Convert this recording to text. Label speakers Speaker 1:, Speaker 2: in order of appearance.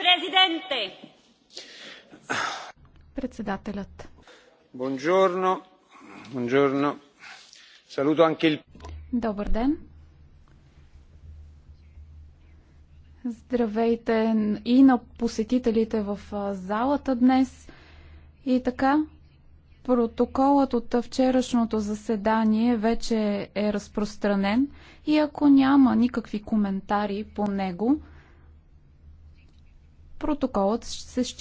Speaker 1: президенте!
Speaker 2: Председателят. Бонжорно. Бонжорно. анкил.
Speaker 3: Добър ден.
Speaker 4: Здравейте и на посетителите в залата днес. И така, Протоколът от вчерашното заседание вече е разпространен и ако няма никакви коментари по него, Протоколът ще се счита